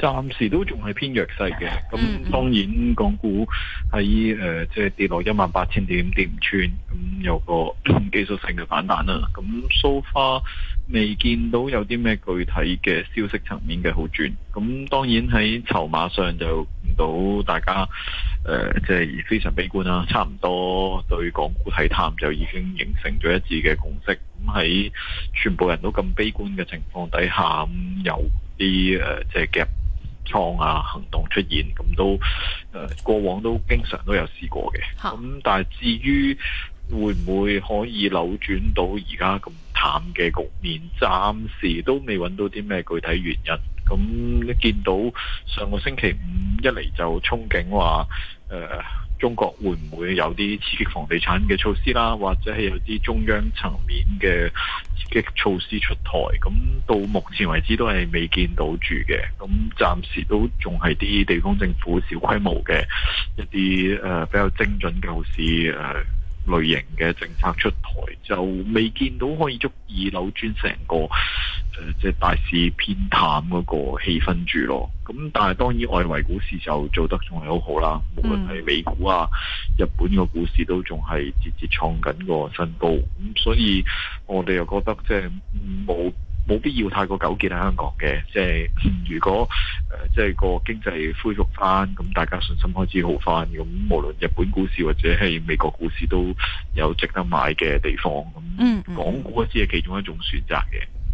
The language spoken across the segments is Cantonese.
暫時都仲係偏弱勢嘅，咁當然港股喺即係跌落一萬八千點跌唔穿，咁有個技術性嘅反彈啦。咁 so far 未見到有啲咩具體嘅消息層面嘅好轉，咁當然喺籌碼上就見到大家、呃、即係非常悲觀啦。差唔多對港股睇淡就已經形成咗一致嘅共識。咁喺全部人都咁悲觀嘅情況底下，咁有啲誒、呃、即夾。啊行動出現咁都誒、呃、過往都經常都有試過嘅，咁但係至於會唔會可以扭轉到而家咁淡嘅局面，暫時都未揾到啲咩具體原因。咁一見到上個星期五一嚟，就憧憬話誒。呃中國會唔會有啲刺激房地產嘅措施啦，或者係有啲中央層面嘅刺激措施出台？咁到目前為止都係未見到住嘅，咁暫時都仲係啲地方政府小規模嘅一啲誒、呃、比較精準嘅市誒類型嘅政策出台，就未見到可以足以扭轉成個。誒、呃，即係大市偏淡嗰個氣氛住咯。咁但係當然外圍股市就做得仲係好好啦。嗯、無論係美股啊、日本個股市都仲係節節創緊個新高。咁所以我哋又覺得即係冇冇必要太過糾結喺香港嘅。即係如果誒、呃，即係個經濟恢復翻，咁大家信心開始好翻，咁無論日本股市或者係美國股市都有值得買嘅地方。咁港股只係其中一種選擇嘅。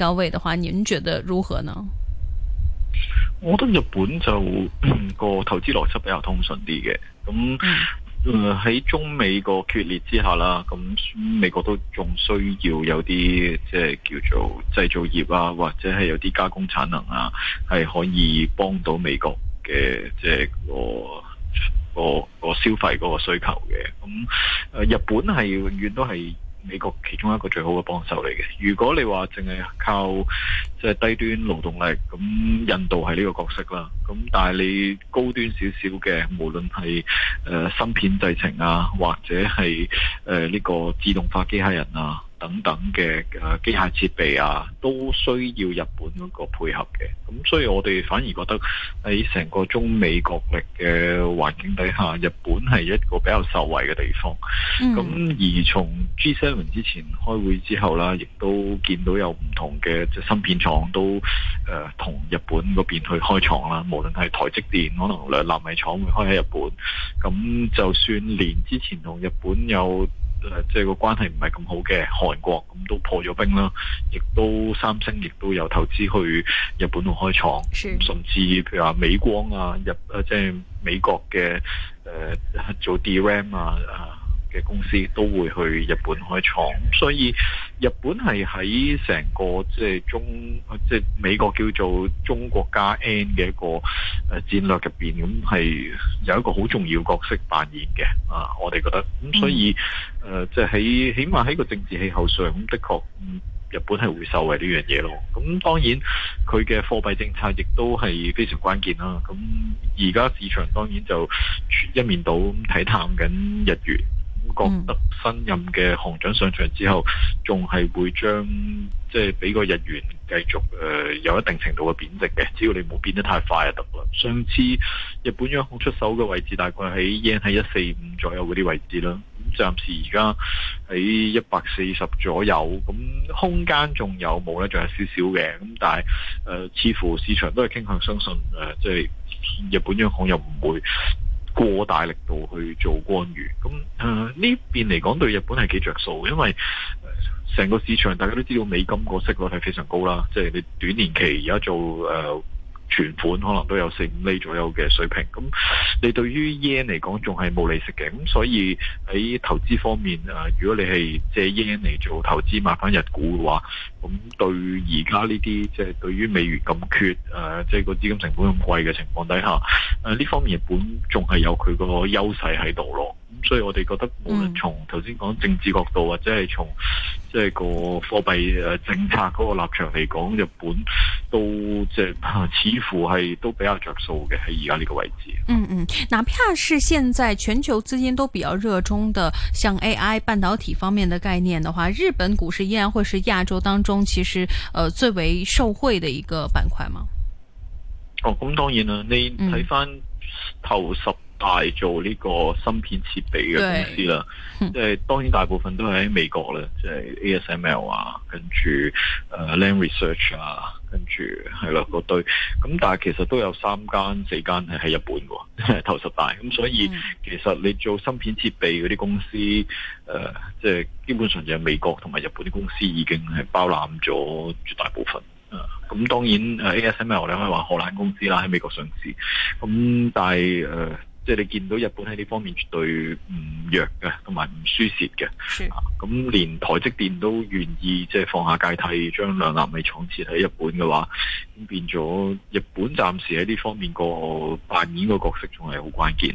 高位的話，您覺得如何呢？我覺得日本就個投資邏輯比較通順啲嘅，咁， 誒喺、呃、中美個決裂之下啦，咁美國都仲需要有啲即係叫做製造業啊，或者係有啲加工產能啊，係可以幫到美國嘅即係個個個消費嗰個需求嘅。咁誒，日本係永遠都係。美國其中一個最好嘅幫手嚟嘅，如果你話淨係靠即係低端勞動力，咁印度係呢個角色啦。咁但係你高端少少嘅，無論係誒、呃、芯片製程啊，或者係誒呢個自動化機械人啊。等等嘅呃，機械設備啊，都需要日本嗰個配合嘅。咁所以我哋反而覺得喺成個中美角力嘅環境底下，日本係一個比較受惠嘅地方。咁、嗯、而從 G Seven 之前開會之後啦，亦都見到有唔同嘅即係芯片廠都呃同日本嗰邊去開廠啦。無論係台積電，可能兩納米廠會開喺日本。咁就算連之前同日本有誒，即係個關係唔係咁好嘅，韓國咁都破咗冰啦，亦都三星亦都有投資去日本度開廠，的甚至譬如話美光啊，日誒即係美國嘅誒、呃、做 DRAM 啊啊。嘅公司都會去日本開廠，所以日本係喺成個即係中即係、就是、美國叫做中國加 N 嘅一個誒戰略入邊，咁係有一個好重要角色扮演嘅啊！我哋覺得咁，所以誒即係喺，起碼喺個政治氣候上，咁的確日本係會受惠呢樣嘢咯。咁當然佢嘅貨幣政策亦都係非常關鍵啦。咁而家市場當然就一面倒咁睇淡緊日元。覺得新任嘅行長上場之後，仲係會將即係俾個日元繼續誒、呃、有一定程度嘅貶值嘅，只要你冇貶得太快就得啦。上次日本央行出手嘅位置大概喺 yen 喺一四五左右嗰啲位置啦，咁暫時而家喺一百四十左右，咁空間仲有冇呢？仲有少少嘅，咁但係誒、呃、似乎市場都係傾向相信誒、呃，即係日本央行又唔會。過大力度去做干預，咁誒呢邊嚟講對日本係幾着數，因為呃，成個市場大家都知道美金個息率係非常高啦，即係你短年期而家做誒。呃存款可能都有四五厘左右嘅水平，咁你對於 yen 嚟講仲係冇利息嘅，咁所以喺投資方面，啊，如果你係借 yen 嚟做投資買翻日股嘅話，咁對而家呢啲即係對於美元咁缺，即係個資金成本咁貴嘅情況底下，啊，呢方面日本仲係有佢個優勢喺度咯，咁所以我哋覺得無論從頭先講政治角度或者係從即係個貨幣政策嗰個立場嚟講，日本。都即係似乎係都比較着數嘅，喺而家呢個位置。嗯嗯，哪怕是現在全球資金都比較熱衷的，像 AI、半導體方面的概念的話，日本股市依然會是亞洲當中其實，呃，最為受惠的一個板塊嗎？哦、咁、嗯、當然啦，你睇翻頭十。嗯大做呢個芯片設備嘅公司啦，即係對當然大部分都係喺美國啦，即係 ASML 啊，跟住誒 Lam Research 啊，跟住係啦個堆。咁但係其實都有三間四間係喺日本㗎， 頭十大。咁所以其實你做芯片設備嗰啲公司，即係基本上就係美國同埋日本啲公司已經係包攬咗絕大部分。咁當然 ASML 你可以話荷蘭公司啦，喺美國上市。咁但係即係你見到日本喺呢方面絕對唔弱嘅，同埋唔輸蝕嘅。咁的、啊、連台積電都願意即係放下芥蒂，將兩納米廠設喺日本嘅話，咁變咗日本暫時喺呢方面個扮演個角色仲係好關鍵。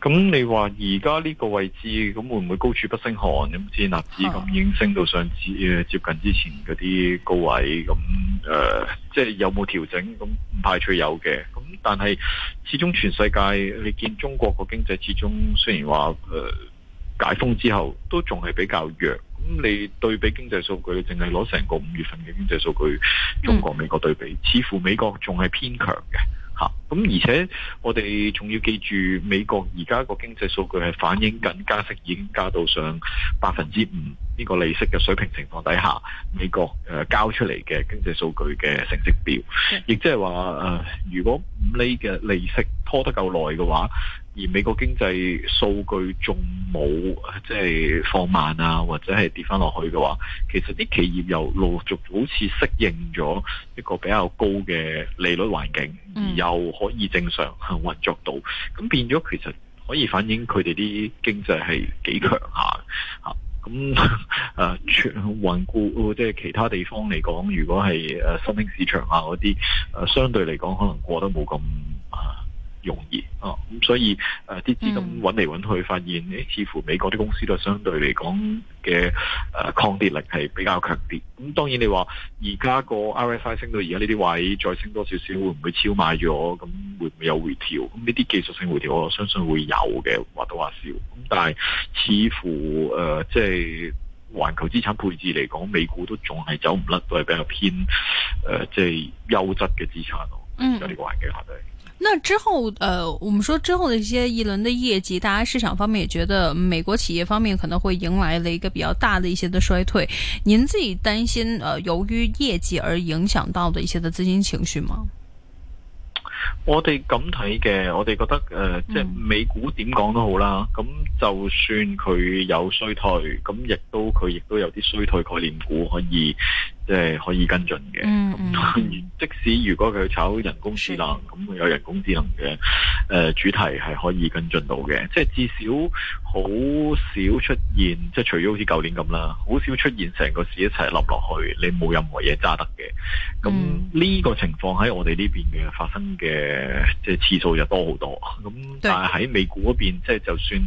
咁你話而家呢個位置，咁會唔會高處不勝寒？咁似納指咁已經升到上次、嗯、接近之前嗰啲高位，咁誒，即、呃、係、就是、有冇調整？咁唔排除有嘅。咁但係始終全世界，你見中國個經濟始終雖然話誒、呃、解封之後都仲係比較弱。咁你對比經濟數據，淨係攞成個五月份嘅經濟數據，中國美國對比，嗯、似乎美國仲係偏強嘅。咁而且我哋仲要記住，美國而家個經濟數據係反映緊加息已經加到上百分之五。呢個利息嘅水平情況底下，美國誒、呃、交出嚟嘅經濟數據嘅成績表，亦即係話誒，如果五厘嘅利息拖得夠耐嘅話，而美國經濟數據仲冇即係放慢啊，或者係跌返落去嘅話，其實啲企業又陸續好似適應咗一個比較高嘅利率環境，而又可以正常運作到，咁變咗其實可以反映佢哋啲經濟係幾強下吓。啊咁誒，環顧 即係其他地方嚟講，如果係誒新興市場啊嗰啲，誒相對嚟講，可能過得冇咁啊容易哦，咁、啊、所以誒啲、啊、資金揾嚟揾去，發現、嗯、似乎美國啲公司都係相對嚟講嘅誒抗跌力係比較強啲。咁、嗯、當然你話而家個 RSI 升到而家呢啲位，再升多少少會唔會超買咗？咁會唔會有回調？咁呢啲技術性回調，我相信會有嘅或多或少。咁但係似乎誒即係環球資產配置嚟講，美股都仲係走唔甩，都係比較偏即係、呃就是、優質嘅資產咯。嗯，有呢個環境下底那之後，呃，我們說之後的一些一輪的業績，大家市場方面也覺得美國企業方面可能會迎來了一個比較大的一些的衰退。您自己擔心，呃，由於業績而影響到的一些的資金情緒嗎？我哋咁睇嘅，我哋覺得，誒、呃，即係美股點講都好啦，咁、嗯、就算佢有衰退，咁亦都佢亦都有啲衰退概念股可以。即係可以跟進嘅，嗯嗯、 即使如果佢炒人工智能，咁的有人工智能嘅誒、呃、主題係可以跟進到嘅，即係至少好少出現，即係除咗好似舊年咁啦，好少出現成個市一齊落落去，你冇任何嘢揸得嘅。咁呢、嗯、個情況喺我哋呢邊嘅發生嘅，即係次數就多好多。咁但係喺美股嗰邊，對即係就算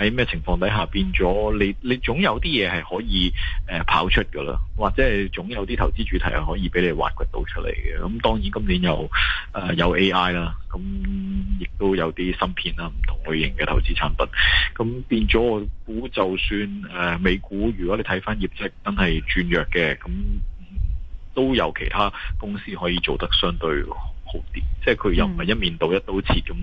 喺咩情況底下變咗，你你總有啲嘢係可以誒、呃、跑出㗎啦，或者係總有，啲投資主題係可以俾你挖掘到出嚟嘅，咁當然今年有、呃、有 AI 啦，咁亦都有啲芯片啦，唔同類型嘅投資產品，咁變咗我估就算、呃、美股，如果你睇翻業績，真係轉弱嘅，咁都有其他公司可以做得相對好啲，嗯、即係佢又唔係一面倒一刀切咁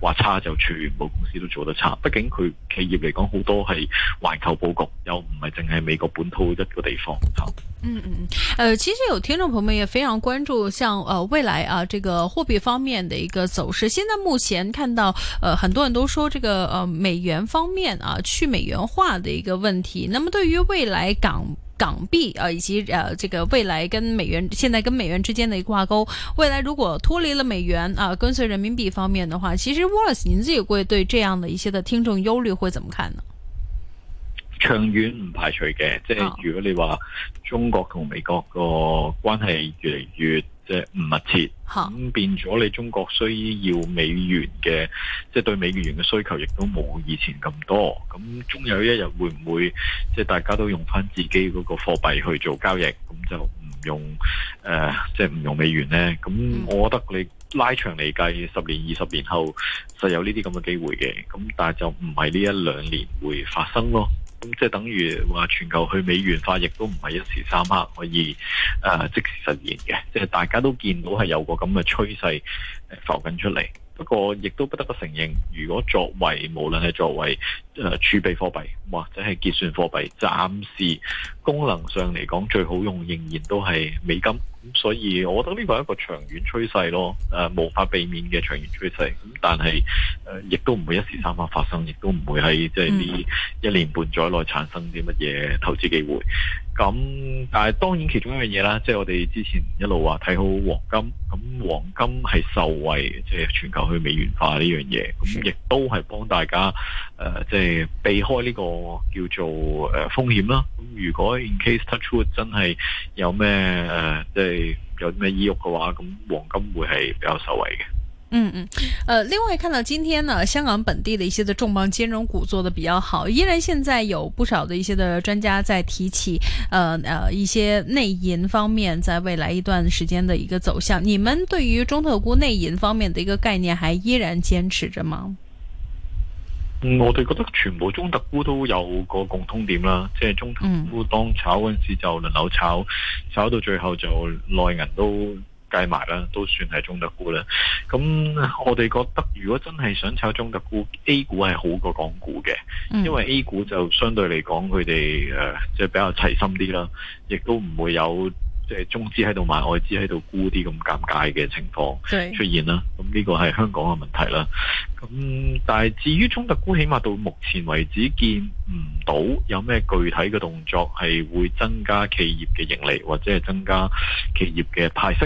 話差就全部公司都做得差。畢竟佢企業嚟講好多係環球佈局，又唔係淨係美國本土一個地方。嗯嗯嗯，誒、呃，其實有聽眾朋友們也非常關注像，像、呃、誒未來啊，這個貨幣方面的一個走勢。現在目前看到，誒、呃，很多人都說這個誒、呃、美元方面啊，去美元化的一個問題。那麼對於未來港？港幣啊，以及呃、啊，這個未來跟美元，現在跟美元之間的一個掛鈎，未來如果脫離了美元啊，跟隨人民幣方面的話，其實 Wallace，您自己會對這樣的一些的聽眾憂慮會怎麼看呢？長遠唔排除嘅，即係如果你話中國同美國個關係越嚟越。即係，唔密切咁變咗，你中國需要美元嘅，即係對美元嘅需求亦都冇以前咁多。咁終有一日會唔會，即係大家都用翻自己嗰個貨幣去做交易，咁就唔用誒，即係唔用美元咧？咁我覺得你拉長嚟計，十年、二十年後就有呢啲咁嘅機會嘅。咁但係就唔係呢一兩年會發生咯。咁即係等於話全球去美元化，亦都唔係一時三刻可以誒即時實現嘅。即係大家都見到係有個咁嘅趨勢浮緊出嚟。不過亦都不得不承認，如果作為無論係作為誒、呃、儲備貨幣或者係結算貨幣，暫時功能上嚟講最好用，仍然都係美金。咁所以，我覺得呢個係一個長遠趨勢咯，誒，無法避免嘅長遠趨勢。咁但係，誒，亦都唔會一時三刻發生，亦都唔會喺即係呢一年半載內產生啲乜嘢投資機會。咁但係當然其中一樣嘢啦，即係我哋之前一路話睇好黃金，咁黃金係受惠即係全球去美元化呢樣嘢，咁亦都係幫大家誒，即係避開呢個叫做誒風險啦。咁如果 in case touch wood 真係有咩誒，即係有咩意欲嘅話，咁黃金會係比較受惠嘅。嗯嗯，呃，另外看到今天呢，香港本地的一些的重磅金融股做得比較好，依然現在有不少的一些的專家在提起，呃，呃一些內銀方面在未來一段時間的一個走向，你們對於中特估內銀方面的一個概念，還依然堅持着嗎？我哋覺得全部中特估都有個共通點啦，即係中特估當炒嗰陣時就輪流炒，炒到最後就內銀都計埋啦，都算係中特估啦。咁我哋覺得如果真係想炒中特估，A 股係好過港股嘅，因為 A 股就相對嚟講佢哋誒即係比較齊心啲啦，亦都唔會有。.即係中資喺度賣外資喺度沽啲咁尷尬嘅情況出現啦，咁呢是個係香港嘅問題啦。咁但係至於中特估，起碼到目前為止見唔到有咩具體嘅動作係會增加企業嘅盈利或者係增加企業嘅派息。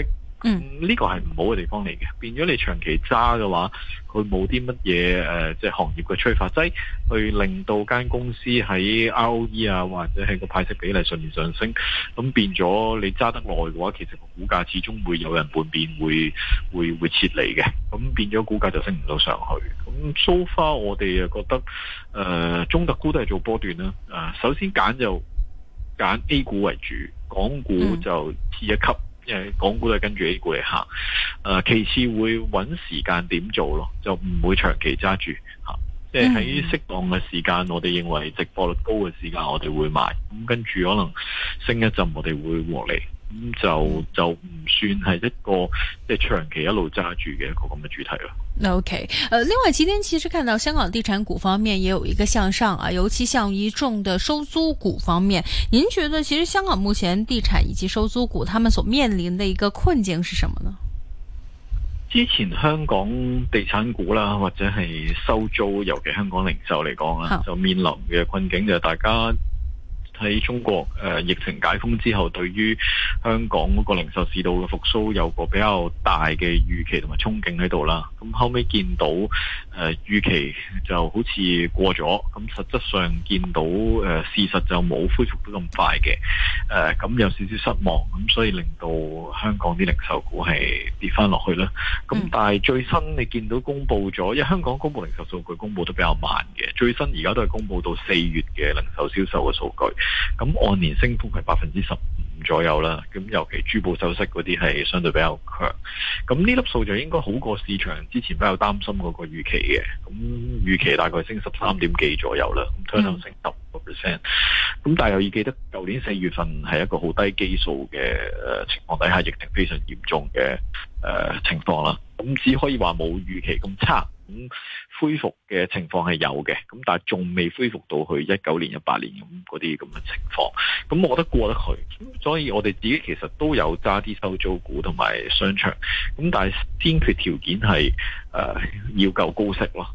呢、嗯、個係唔好嘅地方嚟嘅，變咗你長期揸嘅話，佢冇啲乜嘢誒，即係行業嘅催化劑，去令到間公司喺 ROE 啊，或者係個派息比例上面上升，咁、嗯、變咗你揸得耐嘅話，其實股價始終會有人叛變，會會會撤離嘅，咁、嗯、變咗股價就升唔到上去。咁 so far 我哋又覺得誒中特估都係做波段啦，誒首先揀就揀 A 股為主，港股就次一級。因為港股都係跟住 A 股嚟行，誒，其次會揾時間點做咯，就唔會長期揸住吓，即係喺適當嘅時間，mm hmm. 我哋認為直播率高嘅時間，我哋會買，咁跟住可能升一陣，我哋會獲利。咁就就唔算係一個即係、就是、長期一路揸住嘅一個咁嘅主題啦。Okay，呃，另外今天其實看到香港地產股方面也有一個向上啊，尤其像一眾的收租股方面，您覺得其實香港目前地產以及收租股，他們所面臨的一個困境是什麼呢？之前香港地產股啦，或者係收租，尤其香港零售嚟講啊，好就面臨嘅困境就是大家。喺中國、呃、疫情解封之後，對於香港嗰個零售市道嘅復甦有個比較大嘅預期同埋憧憬喺度啦。咁、嗯、後尾見到誒預、呃、期就好似過咗，咁、嗯、實質上見到、呃、事實就冇恢復得咁快嘅誒，咁有少少失望，咁、嗯、所以令到香港啲零售股係跌翻落去啦。咁、嗯嗯、但係最新你見到公佈咗，因為香港公佈零售數據公佈得比較慢嘅，最新而家都係公佈到四月嘅零售銷售嘅數據。咁按年升幅係百分之十五左右啦，咁尤其珠寶首飾嗰啲係相對比較強，咁呢粒數就應該好過市場之前比較擔心嗰個預期嘅，咁預期大概升十三點幾左右啦，咁推升升十。咁但係又要記得舊年四月份係一個好低基數嘅情況底下，疫情非常嚴重嘅誒情況啦。咁只可以話冇預期咁差，咁恢復嘅情況係有嘅，咁但係仲未恢復到去一九年、一八年咁嗰啲咁嘅情況。咁我覺得過得去，所以我哋自己其實都有揸啲收租股同埋商場，咁但係先決條件係誒要夠高息咯。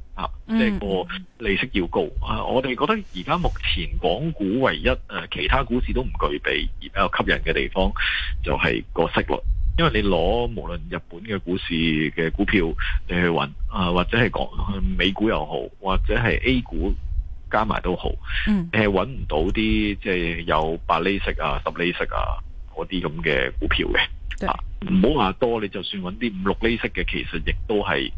即係個利息要高，嗯、啊！我哋覺得而家目前港股唯一誒、呃，其他股市都唔具備比較吸引嘅地方，就係個息率。因為你攞無論日本嘅股市嘅股票你去揾啊，或者係講美股又好，或者係 A 股加埋都好，嗯、你係揾唔到啲即係有八厘息啊、十厘息啊嗰啲咁嘅股票嘅對啊。唔好話多，你就算揾啲五六厘息嘅，其實亦都係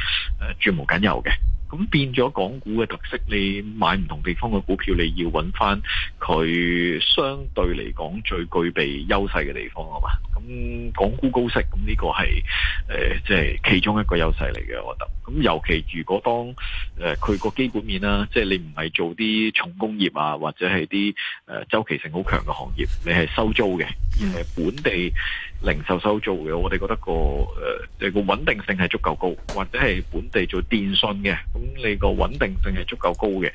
誒絕無僅有嘅。咁變咗港股嘅特色，你買唔同地方嘅股票，你要揾翻佢相對嚟講最具備優勢嘅地方嘛。咁港股高息，咁呢個係誒即係其中一個優勢嚟嘅，我覺得。咁尤其如果當誒佢個基本面啦，即係你唔係做啲重工業啊，或者係啲誒周期性好強嘅行業，你係收租嘅，而係本地零售收租嘅，我哋覺得個誒個穩定性係足夠高，或者係本地做電訊嘅，咁你個穩定性係足夠高嘅，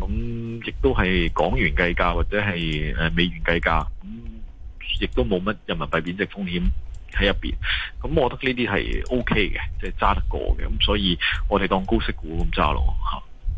咁亦都係港元計價或者係誒美元計價，咁亦都冇乜人民幣貶值風險。喺入邊，咁我覺得呢啲係 OK 嘅，即係揸得過嘅，咁所以我哋當高息股咁揸咯吓。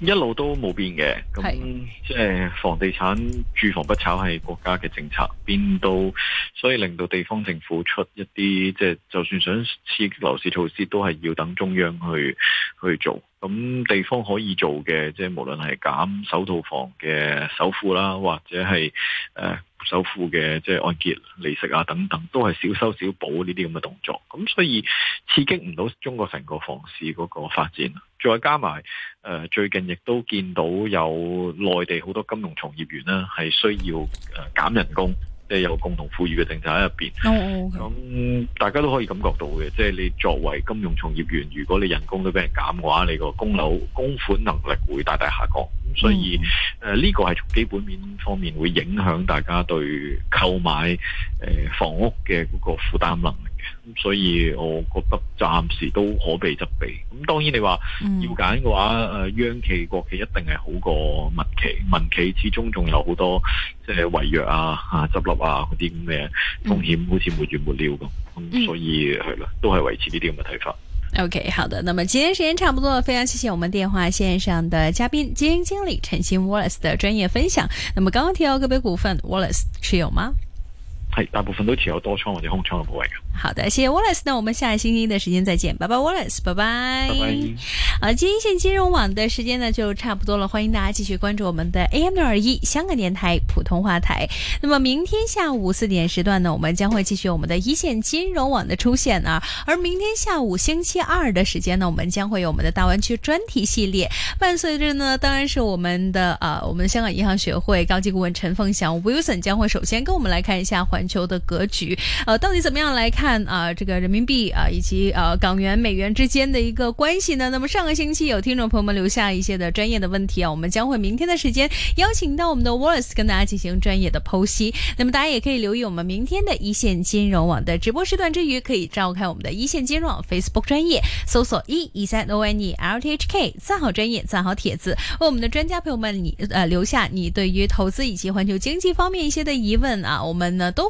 一路都冇變嘅，咁即係房地產住房不炒係國家嘅政策，變到所以令到地方政府出一啲即係就算想刺激樓市措施，都係要等中央去去做。咁地方可以做嘅，即係無論係減首套房嘅首付啦，或者係誒。首付嘅即係按揭利息啊，等等，都係少收少補呢啲咁嘅動作，咁所以刺激唔到中國成個房市嗰個發展。再加埋，誒、呃、最近亦都見到有內地好多金融從業員呢係需要誒減、呃、人工。即係有共同富裕嘅政策喺入邊，咁、oh, okay. 大家都可以感覺到嘅。即係你作為金融從業員，如果你人工都俾人減嘅話，你個供樓供款能力會大大下降。咁所以，誒呢個係從基本面方面會影響大家對購買誒房屋嘅個負擔能力。所以我覺得暫時都可避則避。咁當然你話要揀嘅話，誒、嗯、央企國企一定係好過民企，民企始終仲有好多即係違約啊、啊執笠啊嗰啲咁嘅風險，好似沒完沒了咁。咁、嗯嗯、所以係咯，都係維持呢啲咁嘅睇法。OK，好的，那麼今天時間差不多，非常謝謝我們電話線上的嘉賓基金經理陳昕 Wallace 的專業分享。那麼剛剛提到個別股份 Wallace 持有嗎？係，大部分都持有多倉或者空倉的部位。好的，謝謝 Wallace，那我們下期星期一的時間再見，拜拜，Wallace，拜拜。拜拜。啊，今天一線金融網的時間呢就差不多了，歡迎大家繼續關注我們的 AM 六二一香港電台普通話台。那麼明天下午四點時段呢，我們將會繼續我們的一線金融網的出現啊。而明天下午星期二的時間呢，我們將會有我們的大灣區專題系列，伴隨着呢，當然是我們的啊，我們香港銀行學會高級顧問陳鳳翔 Wilson 將會首先跟我們來看一下環。全球的格局，呃，到底怎麼樣來看啊、呃？這個人民幣啊、呃，以及呃港元、美元之間的一個關係呢？那麼上個星期有聽眾朋友們留下一些的專業的問題啊，我們將會明天的時間邀請到我們的 Wallace 跟大家進行專業的剖析。那麼大家也可以留意我們明天的一線金融網的直播時段之餘，可以召開我們的一線金融網 Facebook 專頁，搜索 EZONE LTHK，讚好專業，讚好帖子，為我們的專家朋友們你呃留下你對於投資以及環球經濟方面一些的疑問啊，我們呢都。